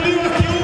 Julinho Silva.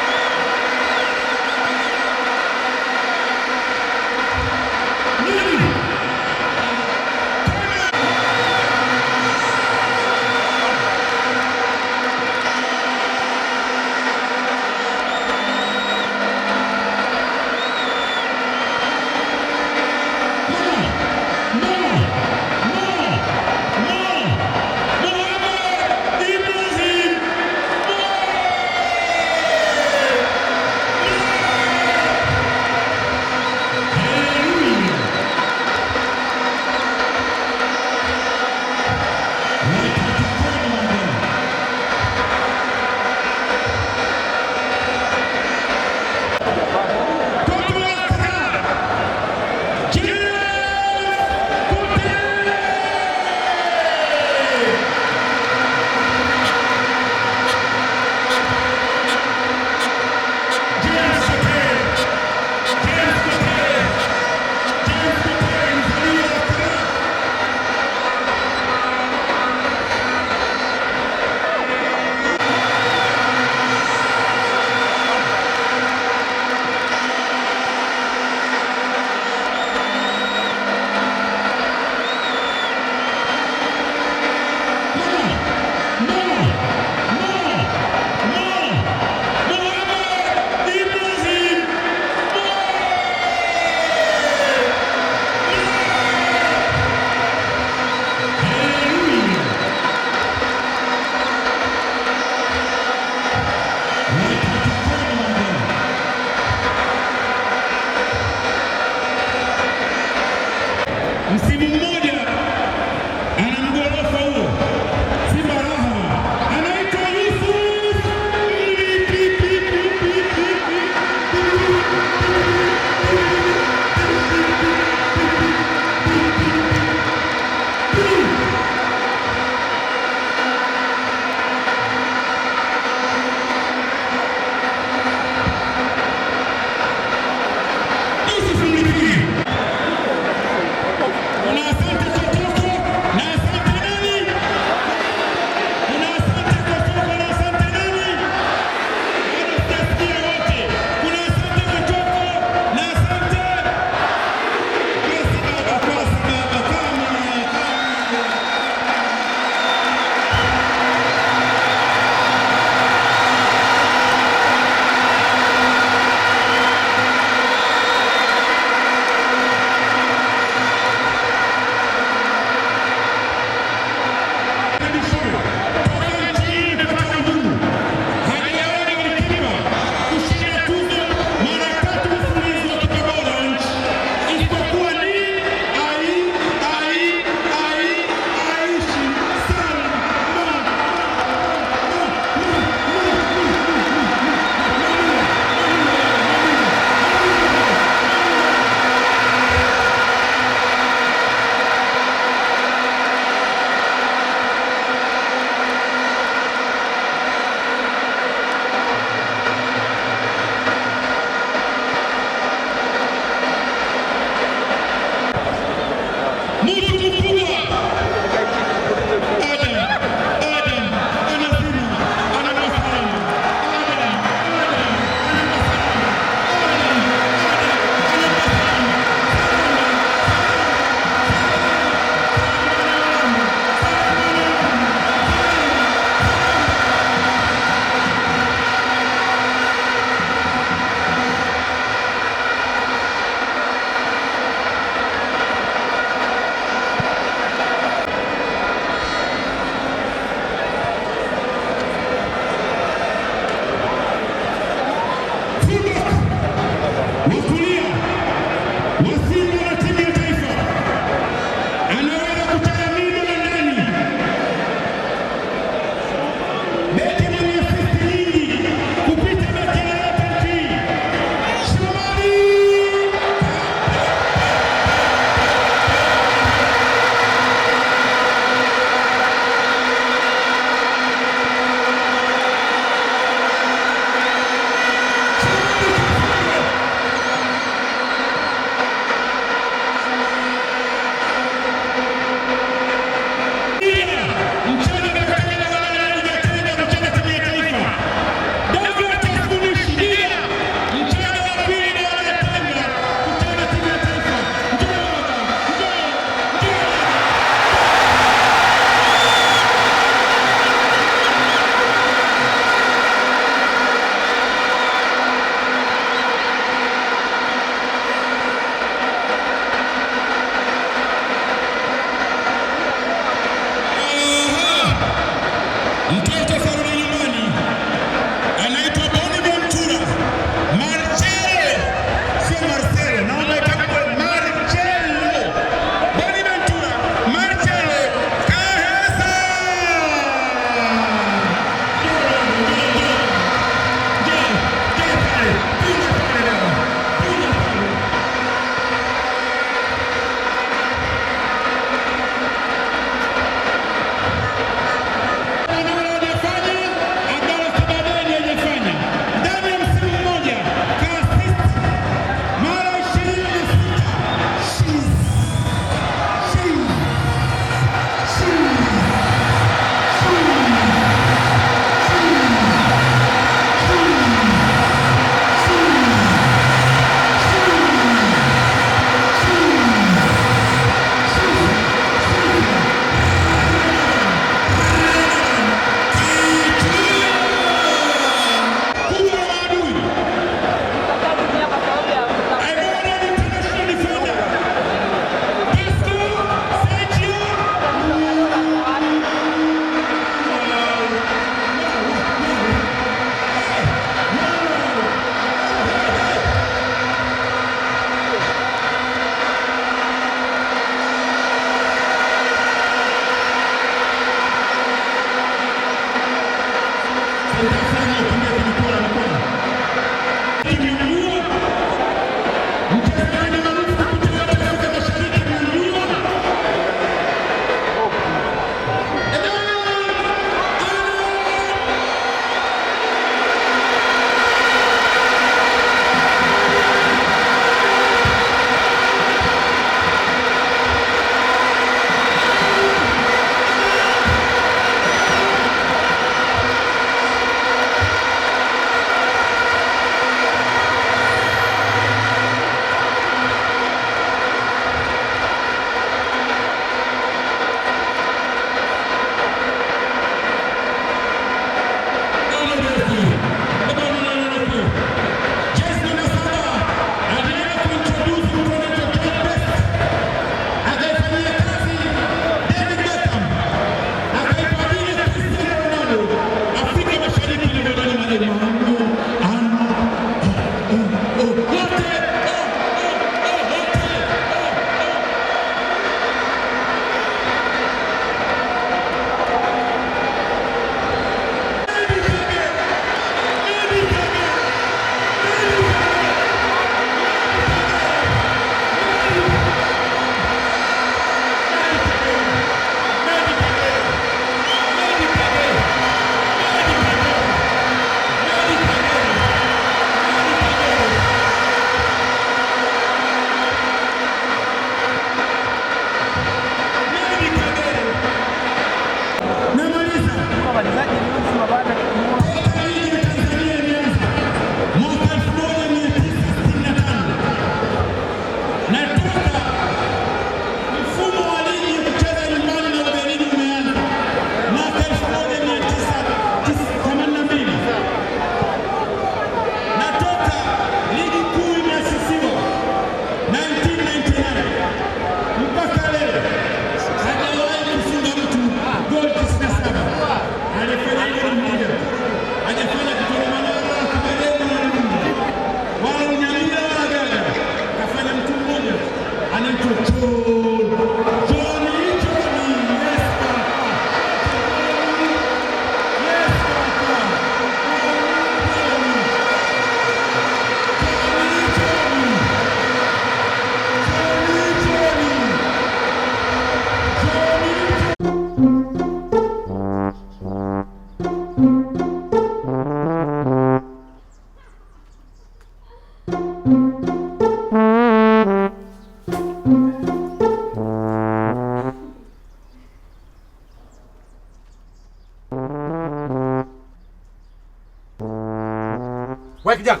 Wewe kijana.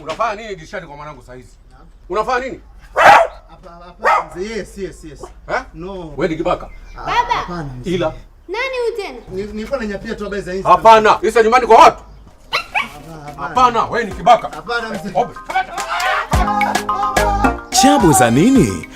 Unafanya nini dirishani kwa mwanangu saa hizi? Unafanya nini? Hapa hapa Yes, yes, yes. Eh? No. Wewe ni kibaka. Ah, Baba. Hapana. Ila. Nani huyu tena? Nilikuwa nanyapia tu habari za Insta. Hapana. Insta nyumbani kwa watu. Hapana, wewe ni kibaka. Hapana mzee. Chabu za nini?